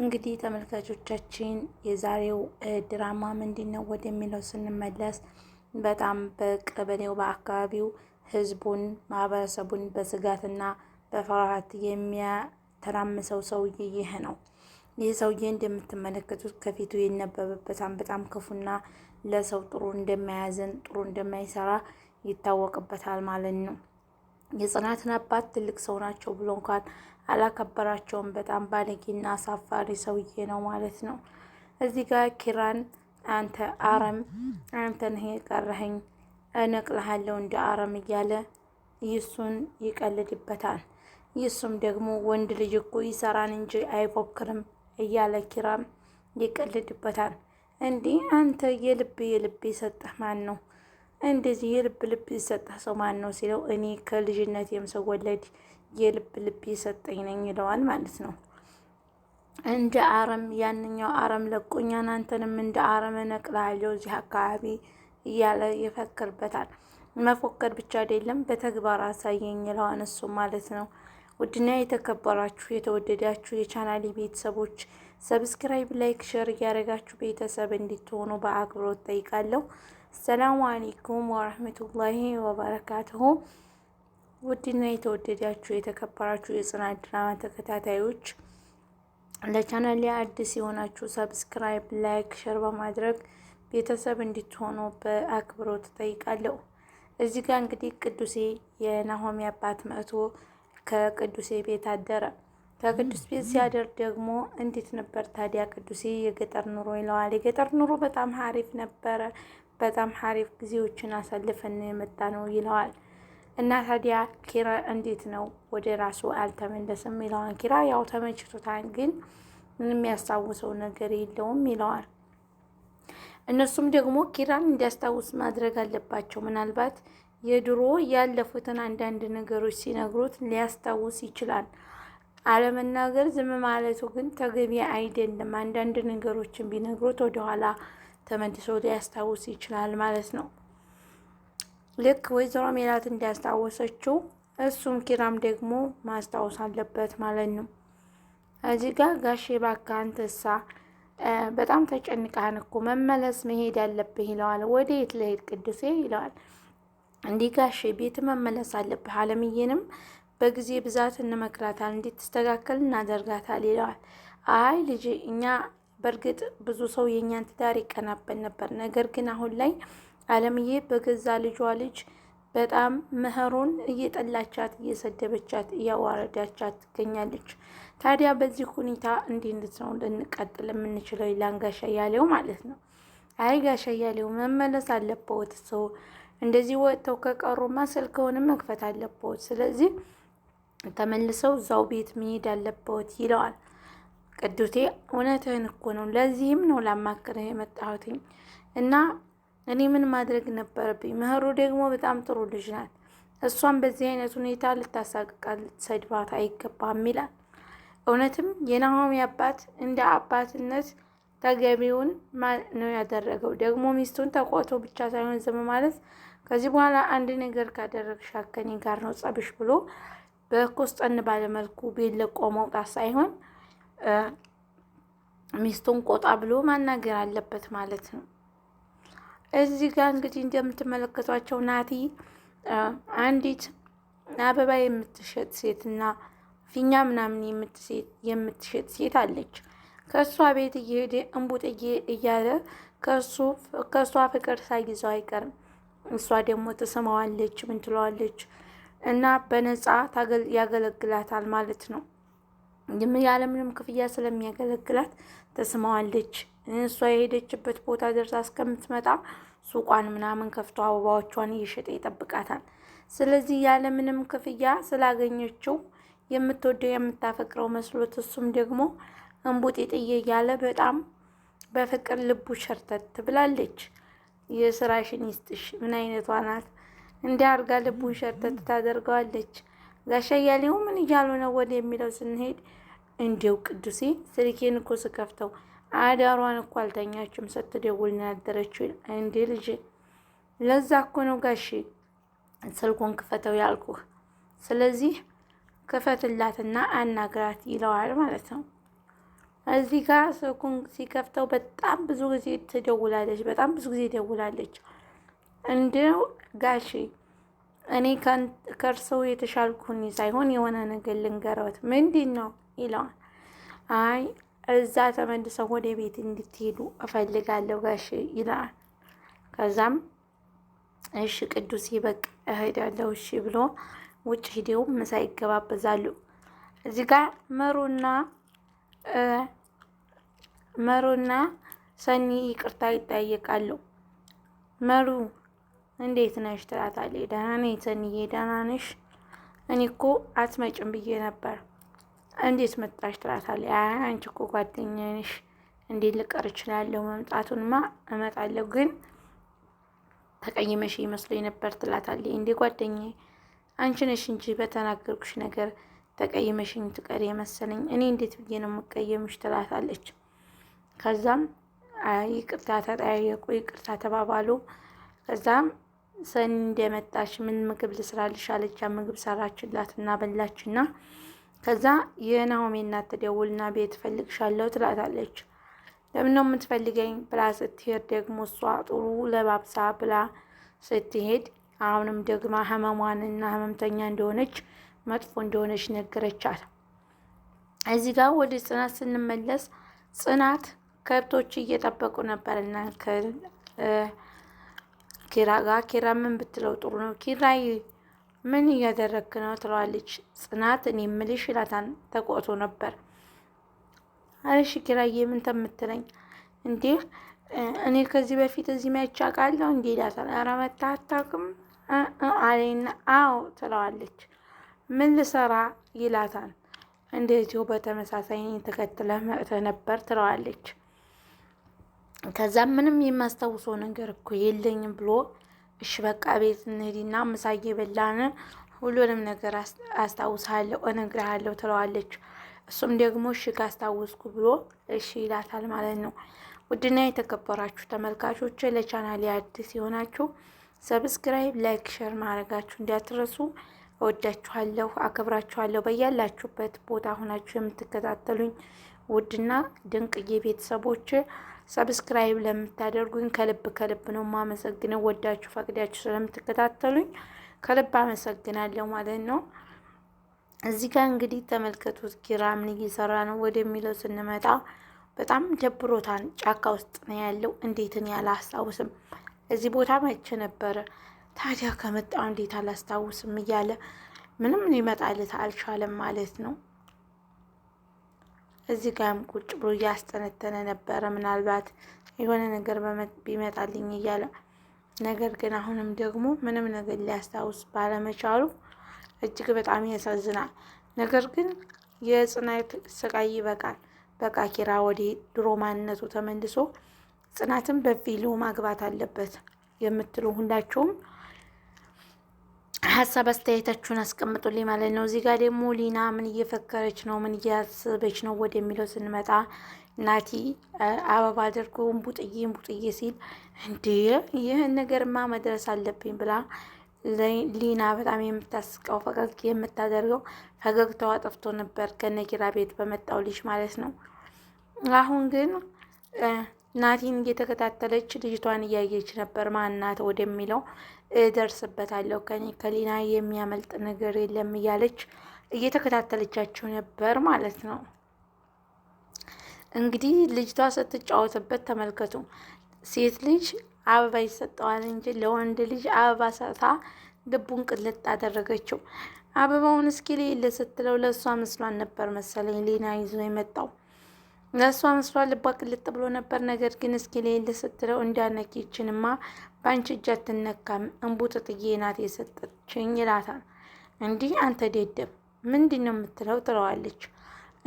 እንግዲህ ተመልካቾቻችን የዛሬው ድራማ ምንድን ነው ወደሚለው ስንመለስ በጣም በቀበሌው በአካባቢው ህዝቡን ማህበረሰቡን በስጋትና በፍርሃት የሚያተራምሰው ሰውዬ ይህ ነው። ይህ ሰውዬ እንደምትመለከቱት ከፊቱ ይነበብበታል። በጣም ክፉና ለሰው ጥሩ እንደማያዝን ጥሩ እንደማይሰራ ይታወቅበታል ማለት ነው። የጽናትን አባት ትልቅ ሰው ናቸው ብሎ እንኳን አላከበራቸውም። በጣም ባለጌና አሳፋሪ ሰውዬ ነው ማለት ነው። እዚህ ጋር ኪራን አንተ አረም፣ አንተ ነህ የቀረኸኝ፣ እነቅልሃለሁ እንደ አረም እያለ ይሱን ይቀልድበታል። ይሱም ደግሞ ወንድ ልጅ እኮ ይሰራን እንጂ አይፎክርም እያለ ኪራም ይቀልድበታል። እንዲህ አንተ የልብ የልብ የሰጠህ ማን ነው? እንደዚህ የልብ ልብ የሰጠ ሰው ማን ነው ሲለው እኔ ከልጅነት ሰው ወለድ የልብ ልብ የሰጠኝ ነኝ ይለዋል ማለት ነው። እንደ አረም ያንኛው አረም ለቆኛ አንተንም እንደ አረም እነቅልሃለሁ እዚህ አካባቢ እያለ ይፈክርበታል። መፎከር ብቻ አይደለም በተግባር አሳየኝ ይለዋል እሱ ማለት ነው። ውድና የተከበራችሁ የተወደዳችሁ የቻናሌ ቤተሰቦች ሰብስክራይብ፣ ላይክ፣ ሸር እያደረጋችሁ ቤተሰብ እንድትሆኑ በአክብሮት ጠይቃለሁ። አሰላሙ አሌይኩም ወረህመቱላሂ ወበረካትሁ ውድና የተወደዳችሁ የተከበራችሁ የጽናት ድራማ ተከታታዮች ለቻናል አዲስ የሆናችሁ ሰብስክራይብ፣ ላይክ፣ ሸር በማድረግ ቤተሰብ እንድትሆኑ በአክብሮት እጠይቃለሁ። እዚህ ጋር እንግዲህ ቅዱሴ የናሆሚ አባት መጥቶ ከቅዱሴ ቤት አደረ። ከቅዱስ ቤት ሲያደር ደግሞ እንዴት ነበር ታዲያ ቅዱሴ የገጠር ኑሮ ይለዋል። የገጠር ኑሮ በጣም ሀሪፍ ነበረ፣ በጣም ሀሪፍ ጊዜዎችን አሳልፈን የመጣ ነው ይለዋል። እና ታዲያ ኪራ እንዴት ነው ወደ ራሱ አልተመለስም ይለዋል። ኪራ ያው ተመችቶታል፣ ግን ምንም የሚያስታውሰው ነገር የለውም ይለዋል። እነሱም ደግሞ ኪራን እንዲያስታውስ ማድረግ አለባቸው። ምናልባት የድሮ ያለፉትን አንዳንድ ነገሮች ሲነግሩት ሊያስታውስ ይችላል። አለመናገር ዝም ማለቱ ግን ተገቢ አይደለም። አንዳንድ ነገሮችን ቢነግሩት ወደኋላ ተመልሶ ሊያስታውስ ይችላል ማለት ነው። ልክ ወይዘሮ ሜላት እንዲያስታወሰችው እሱም ኪራም ደግሞ ማስታወስ አለበት ማለት ነው። እዚህ ጋር ጋሼ እባክህ አንተ በጣም ተጨንቃህን እኮ መመለስ መሄድ ያለብህ ይለዋል። ወደ የት ልሄድ ቅዱሴ ይለዋል። እንዲህ ጋሼ ቤት መመለስ አለብህ፣ አለምዬንም በጊዜ ብዛት እንመክራታል እንዲትስተካከል እናደርጋታል ይለዋል። አይ ልጅ እኛ በእርግጥ ብዙ ሰው የእኛን ትዳር ይቀናበል ነበር። ነገር ግን አሁን ላይ አለምዬ በገዛ ልጇ ልጅ በጣም መኸሩን እየጠላቻት እየሰደበቻት እያዋረዳቻት ትገኛለች። ታዲያ በዚህ ሁኔታ እንዴት ነው ልንቀጥል የምንችለው? ይላል ጋሻ እያሌው ማለት ነው። አይ ጋሻ እያሌው መመለስ አለበት ሰው እንደዚህ ወጥተው ከቀሩማ ስልክውንም መክፈት አለበት። ስለዚህ ተመልሰው እዛው ቤት መሄድ አለበት ይለዋል። ቅዱሴ እውነትህን እኮ ነው። ለዚህም ነው ላማክርህ የመጣሁትኝ እና እኔ ምን ማድረግ ነበረብኝ? ምህሩ ደግሞ በጣም ጥሩ ልጅ ናት። እሷን በዚህ አይነት ሁኔታ ልታሳቅቃት፣ ልትሰድባት አይገባም ይላል። እውነትም የናሆሚ አባት እንደ አባትነት ተገቢውን ነው ያደረገው። ደግሞ ሚስቱን ተቆቶ ብቻ ሳይሆን ዝም ማለት ከዚህ በኋላ አንድ ነገር ካደረግሽ ከኔ ጋር ነው ጸብሽ ብሎ በኮስጠን ባለመልኩ ቤት ለቆ መውጣት ሳይሆን ሚስቱን ቆጣ ብሎ ማናገር አለበት ማለት ነው። እዚህ ጋር እንግዲህ እንደምትመለከቷቸው ናቲ አንዲት አበባ የምትሸጥ ሴት እና ፊኛ ምናምን የምትሸጥ ሴት አለች። ከእሷ ቤት እየሄደ እንቡጥዬ እያለ ከእሷ ፍቅር ሳይዘው አይቀርም። እሷ ደግሞ ትስማዋለች፣ ምን ትለዋለች እና በነፃ ያገለግላታል ማለት ነው። ያለምንም ክፍያ ስለሚያገለግላት ተስማዋለች። እሷ የሄደችበት ቦታ ደርሳ እስከምትመጣ ሱቋን ምናምን ከፍቶ አበባዎቿን እየሸጠ ይጠብቃታል። ስለዚህ ያለምንም ክፍያ ስላገኘችው የምትወደው የምታፈቅረው መስሎት እሱም ደግሞ እንቡጤ ጥዬ እያለ በጣም በፍቅር ልቡ ሸርተት ትብላለች። የስራሽን ይስጥሽ ምን አይነቷ ናት? እንዲህ አድርጋ ልቡን ሸርተት ታደርገዋለች። ጋሻ እያሌው ምን እያሉ ነው ወደ የሚለው ስንሄድ እንዲው ቅዱሴ ስልኬን እኮ ስከፍተው አዳሯን እኮ አልተኛችም ስትደውል ነው ያደረችው። እንዲ ልጅ ለዛ እኮ ነው ጋሺ ስልኩን ክፈተው ያልኩህ። ስለዚህ ክፈትላትና አናግራት ይለዋል ማለት ነው። እዚህ ጋር ስልኩን ሲከፍተው በጣም ብዙ ጊዜ ትደውላለች፣ በጣም ብዙ ጊዜ ደውላለች። እንዲው ጋሼ እኔ ከእርሰው የተሻልኩኝ ሳይሆን የሆነ ነገር ልንገረዎት። ምንድን ነው ይለዋል። አይ እዛ ተመልሰው ወደ ቤት እንድትሄዱ እፈልጋለሁ ጋሽ ይለዋል። ከዛም እሺ ቅዱስ ይበቅ እሄዳለሁ እሺ ብሎ ውጭ ሂደው ምሳ ይገባበዛሉ። እዚህ ጋር መሩና መሩና ሰኒ ይቅርታ ይጠየቃሉ። መሩ እንዴት ነሽ ትላታለች። ደህና ነኝ ሰኒዬ፣ ደህና ነሽ? እኔ እኮ አትመጭም ብዬ ነበር እንዴት መጣሽ ትላታለች። አንቺ እኮ ጓደኛሽ እንዴት ልቀር እችላለሁ? መምጣቱንማ እመጣለሁ፣ ግን ተቀይመሽ ይመስለኝ ነበር ትላታለች። እንዴ ጓደኛዬ አንቺ ነሽ እንጂ በተናገርኩሽ ነገር ተቀይመሽኝ ትቀር የመሰለኝ እኔ እንዴት ብዬ ነው የምቀየምሽ? ትላታለች። ከዛም ይቅርታ ተጠያየቁ፣ ይቅርታ ተባባሉ። ከዛም ሰኒ እንደመጣች ምን ምግብ ልስራልሽ አለቻት። ምግብ ሰራችላት እና በላችና ከዛ የናሆሜ እናት ትደውልና ቤት ፈልግሻለሁ ትላታለች። ለምን ነው የምትፈልገኝ ብላ ስትሄድ ደግሞ እሷ ጥሩ ለባብሳ ብላ ስትሄድ አሁንም ደግማ ህመሟንና ህመምተኛ እንደሆነች መጥፎ እንደሆነች ነገረቻት። እዚህ ጋር ወደ ጽናት ስንመለስ ጽናት ከብቶች እየጠበቁ ነበርና ኪራ ጋር ኪራ ምን ብትለው ጥሩ ነው ኪራይ ምን እያደረግክ ነው ትለዋለች ጽናት። እኔ ምልሽ ይላታን ተቆጥቶ ነበር። እሺ ኪራዬ ምን ተምትለኝ እንዴ? እኔ ከዚህ በፊት እዚህ መቻ ቃለሁ እንዴ ይላታል። ኧረ መተህ አታውቅም አለኝና አዎ ትለዋለች። ምን ልሰራ ይላታል። እንደዚሁ በተመሳሳይ ተከትለህ መጥተህ ነበር ትለዋለች። ከዛ ምንም የማስታውሰው ነገር እኮ የለኝም ብሎ እሺ በቃ ቤት እንሂድና ምሳ እየበላን ሁሉንም ነገር አስታውሳለሁ እነግርሃለሁ ትለዋለች። እሱም ደግሞ እሺ ካስታወስኩ ብሎ እሺ ይላታል ማለት ነው። ውድና የተከበራችሁ ተመልካቾች ለቻናል አዲስ የሆናችሁ ሰብስክራይብ፣ ላይክ፣ ሸር ማድረጋችሁ እንዲያትረሱ እወዳችኋለሁ፣ አከብራችኋለሁ። በያላችሁበት ቦታ ሆናችሁ የምትከታተሉኝ ውድና ድንቅዬ ቤተሰቦች ሰብስክራይብ ለምታደርጉኝ ከልብ ከልብ ነው ማመሰግነው። ወዳችሁ ፈቅዳችሁ ስለምትከታተሉኝ ከልብ አመሰግናለሁ ማለት ነው። እዚህ ጋር እንግዲህ ተመልከቱት ኪራ ምን እየሰራ ነው ወደሚለው ስንመጣ በጣም ደብሮታን ጫካ ውስጥ ነው ያለው። እንዴትን ያላስታውስም እዚህ ቦታ መቼ ነበረ ታዲያ ከመጣው እንዴት አላስታውስም እያለ ምንም ሊመጣለት አልቻለም ማለት ነው። እዚህ ጋርም ቁጭ ብሎ እያስተነተነ ነበረ። ምናልባት የሆነ ነገር ቢመጣልኝ እያለ ነገር ግን አሁንም ደግሞ ምንም ነገር ሊያስታውስ ባለመቻሉ እጅግ በጣም ያሳዝናል። ነገር ግን የጽናት ስቃይ ይበቃል። በቃ ኪራ ወደ ድሮ ማንነቱ ተመልሶ ጽናትን በፊሉ ማግባት አለበት የምትሉ ሁላችሁም ሀሳብ አስተያየታችሁን አስቀምጡልኝ ማለት ነው። እዚህ ጋር ደግሞ ሊና ምን እየፈከረች ነው፣ ምን እያስበች ነው ወደሚለው ስንመጣ ናቲ አበባ አድርጎ ቡጥዬ ቡጥዬ ሲል እንዴ ይህን ነገርማ መድረስ አለብኝ ብላ ሊና በጣም የምታስቀው ፈገግ የምታደርገው ፈገግታዋ ጠፍቶ ነበር ከነኪራ ቤት በመጣው ልጅ ማለት ነው። አሁን ግን ናቲን እየተከታተለች ልጅቷን እያየች ነበር ማናት ወደሚለው እደርስበታለሁ ከኔ ከሊና የሚያመልጥ ነገር የለም እያለች እየተከታተለቻቸው ነበር ማለት ነው። እንግዲህ ልጅቷ ስትጫወትበት ተመልከቱ። ሴት ልጅ አበባ ይሰጠዋል እንጂ ለወንድ ልጅ አበባ ሰታ ልቡን ቅልጥ አደረገችው። አበባውን እስኪ ሌለ ስትለው ለእሷ ምስሏን ነበር መሰለኝ ሊና ይዞ የመጣው ለእሷ መስሏን ልቧ ቅልጥ ብሎ ነበር። ነገር ግን እስኪ ሌለ ስትለው እንዳነኪችንማ በአንቺ እጅ አትነካም፣ እንቡጥጥዬ ናት የሰጠችኝ ይላታል። እንዲህ አንተ ደደብ ምንድን ነው የምትለው ትለዋለች።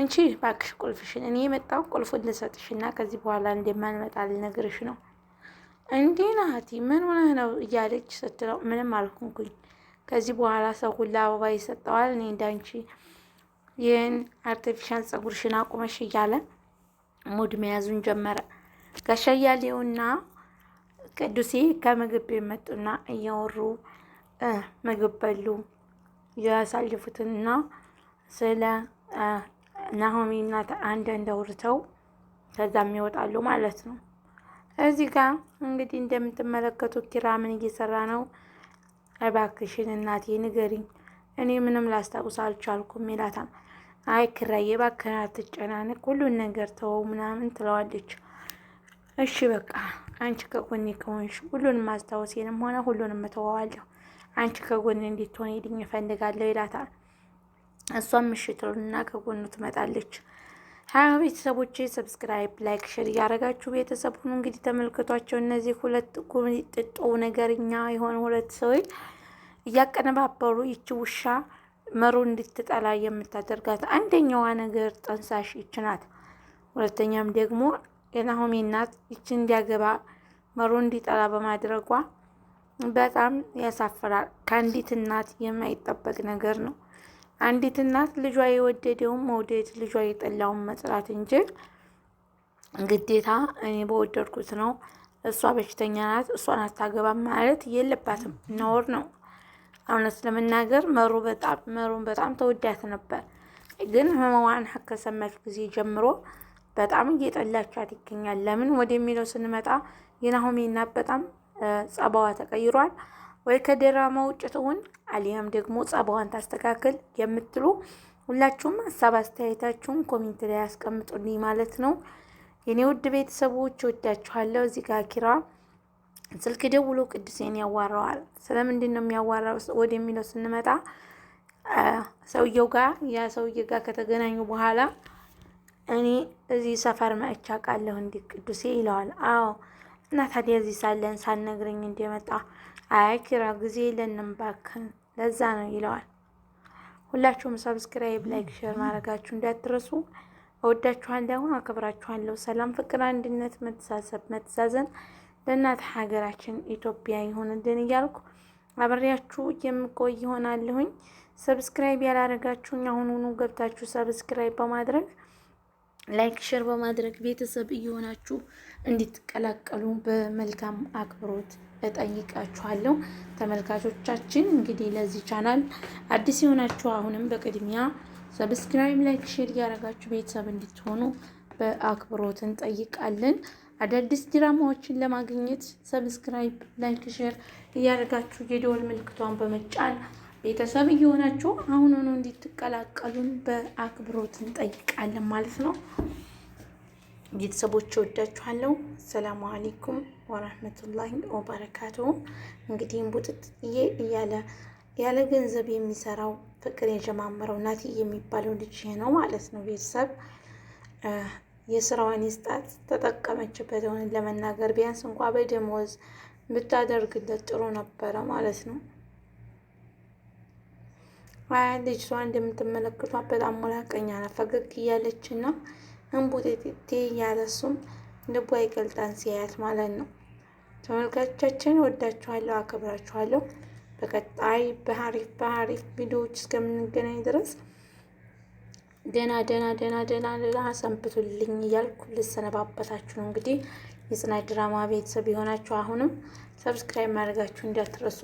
እንቺ ባክሽ ቁልፍሽን፣ እኔ የመጣው ቁልፉን ልሰጥሽና ከዚህ በኋላ እንደማንመጣ ልነግርሽ ነው። እንዲህ ናቲ ምን ሆነህ ነው እያለች ስትለው ምንም አልኩንኩኝ። ከዚህ በኋላ ሰው ሁላ አበባ ይሰጠዋል። እኔ እንዳንቺ ይህን አርቲፊሻል ጸጉርሽን አቁመሽ እያለ ሙድ መያዙን ጀመረ። ጋሻ እያሌውና ቅዱሴ ከምግብ ቤት መጡና እያወሩ ምግብ በሉ። ያሳለፉትንና ስለ ናሆሚ እናት አንድ እንደውርተው ከዛም ይወጣሉ ማለት ነው። እዚህ ጋር እንግዲህ እንደምትመለከቱት ኪራ ምን እየሰራ ነው? እባክሽን እናቴ ንገሪኝ፣ እኔ ምንም ላስታውስ አልቻልኩም ይላታል። አይ ኪራዬ እባክህን አትጨናነቅ፣ ሁሉን ነገር ተወው ምናምን ትለዋለች። እሺ በቃ አንቺ ከጎኔ ከሆንሽ ሁሉንም ማስታወሴንም ሆነ ሁሉንም እተወዋለሁ፣ አንቺ ከጎኔ እንድትሆኚልኝ እፈልጋለሁ ይላታል። እሷም ምሽትሩንና ከጎኑ ትመጣለች። ሀያ ቤተሰቦች ሰብስክራይብ፣ ላይክ፣ ሽር እያደረጋችሁ ቤተሰብ እንግዲህ ተመልክቷቸው እነዚህ ሁለት ጥጦ ነገርኛ የሆኑ ሁለት ሰዎች እያቀነባበሩ ይቺ ውሻ መሩ እንድትጠላ የምታደርጋት አንደኛዋ ነገር ጠንሳሽ ይችናት፣ ሁለተኛም ደግሞ የናሆሜ እናት ይቺ እንዲያገባ መሮ እንዲጠላ በማድረጓ በጣም ያሳፍራል። ከአንዲት እናት የማይጠበቅ ነገር ነው። አንዲት እናት ልጇ የወደደውን መውደድ፣ ልጇ የጠላውን መጥላት እንጂ ግዴታ እኔ በወደድኩት ነው እሷ በሽተኛ ናት እሷን አታገባ ማለት የለባትም። ነውር ነው። እውነት ለመናገር መሩ በጣም መሩን በጣም ተወዳት ነበር። ግን ህመዋን ከሰማች ጊዜ ጀምሮ በጣም እየጠላችኋት ይገኛል። ለምን ወደሚለው ስንመጣ የናሆሜ እናት በጣም ጸባዋ ተቀይሯል። ወይ ከድራማ ውጭ ትሁን አሊያም ደግሞ ጸባዋን ታስተካክል የምትሉ ሁላችሁም ሀሳብ አስተያየታችሁን ኮሜንት ላይ ያስቀምጡልኝ ማለት ነው። የኔ ውድ ቤተሰቦች ወዳችኋለሁ። እዚህ ጋር ኪራ ስልክ ደውሎ ቅዱሴን ያዋራዋል። ስለምንድን ነው የሚያዋራው ወደሚለው ስንመጣ ሰውየው ጋር ያ ሰውዬ ጋር ከተገናኙ በኋላ እኔ እዚህ ሰፈር መእቻ አውቃለሁ እንዲህ ቅዱሴ ይለዋል። አዎ እና ታዲያ እዚህ ሳለን ሳነግረኝ እንደመጣ አያኪራ ጊዜ የለንም ለዛ ነው ይለዋል። ሁላችሁም ሰብስክራይብ፣ ላይክ፣ ሼር ማድረጋችሁ እንዳትረሱ። እወዳችኋለሁ፣ አክብራችኋለሁ። ሰላም፣ ፍቅር፣ አንድነት፣ መተሳሰብ፣ መተዛዘን ለእናት ሀገራችን ኢትዮጵያ ይሆንልን እያልኩ አብሬያችሁ የምቆይ ይሆናለሁኝ። ሰብስክራይብ ያላረጋችሁኝ አሁኑኑ ገብታችሁ ሰብስክራይብ በማድረግ ላይክ ሸር በማድረግ ቤተሰብ እየሆናችሁ እንድትቀላቀሉ በመልካም አክብሮት እጠይቃችኋለሁ። ተመልካቾቻችን እንግዲህ ለዚህ ቻናል አዲስ የሆናችሁ አሁንም በቅድሚያ ሰብስክራይብ፣ ላይክ፣ ሼር እያደረጋችሁ ቤተሰብ እንድትሆኑ በአክብሮት እንጠይቃለን። አዳዲስ ድራማዎችን ለማግኘት ሰብስክራይብ፣ ላይክ፣ ሼር እያደረጋችሁ የደወል ምልክቷን በመጫን ቤተሰብ እየሆናችሁ አሁን ሆኖ እንድትቀላቀሉን በአክብሮት እንጠይቃለን ማለት ነው። ቤተሰቦች እወዳችኋለሁ። ሰላሙ አሌይኩም ወራህመቱላሂ ወበረካቱሁ። እንግዲህም ቡጥጥ እያለ ያለ ገንዘብ የሚሰራው ፍቅር የጀማመረው ናቲ የሚባለው ልጅ ነው ማለት ነው። ቤተሰብ የስራዋን ይስጣት፣ ተጠቀመችበት። ሆነ ለመናገር ቢያንስ እንኳ በደሞዝ ብታደርግለት ጥሩ ነበረ ማለት ነው። ልጅቷ እንደምትመለከቷት በጣም ሞላቀኛ ናት። ፈገግ እያለች እና እንቡጤጤ እያለሱም ልቧ ይቀልጣን ሲያያት ማለት ነው። ተመልካቾቻችን ወዳችኋለሁ፣ አከብራችኋለሁ። በቀጣይ በሀሪፍ በሀሪፍ ቪዲዮዎች እስከምንገናኝ ድረስ ደና ደና ደና ደና ደና ሰንብቱልኝ እያልኩ ልሰነባበታችሁ ነው። እንግዲህ የጽናት ድራማ ቤተሰብ የሆናችሁ አሁንም ሰብስክራይብ ማድረጋችሁ እንዳትረሱ።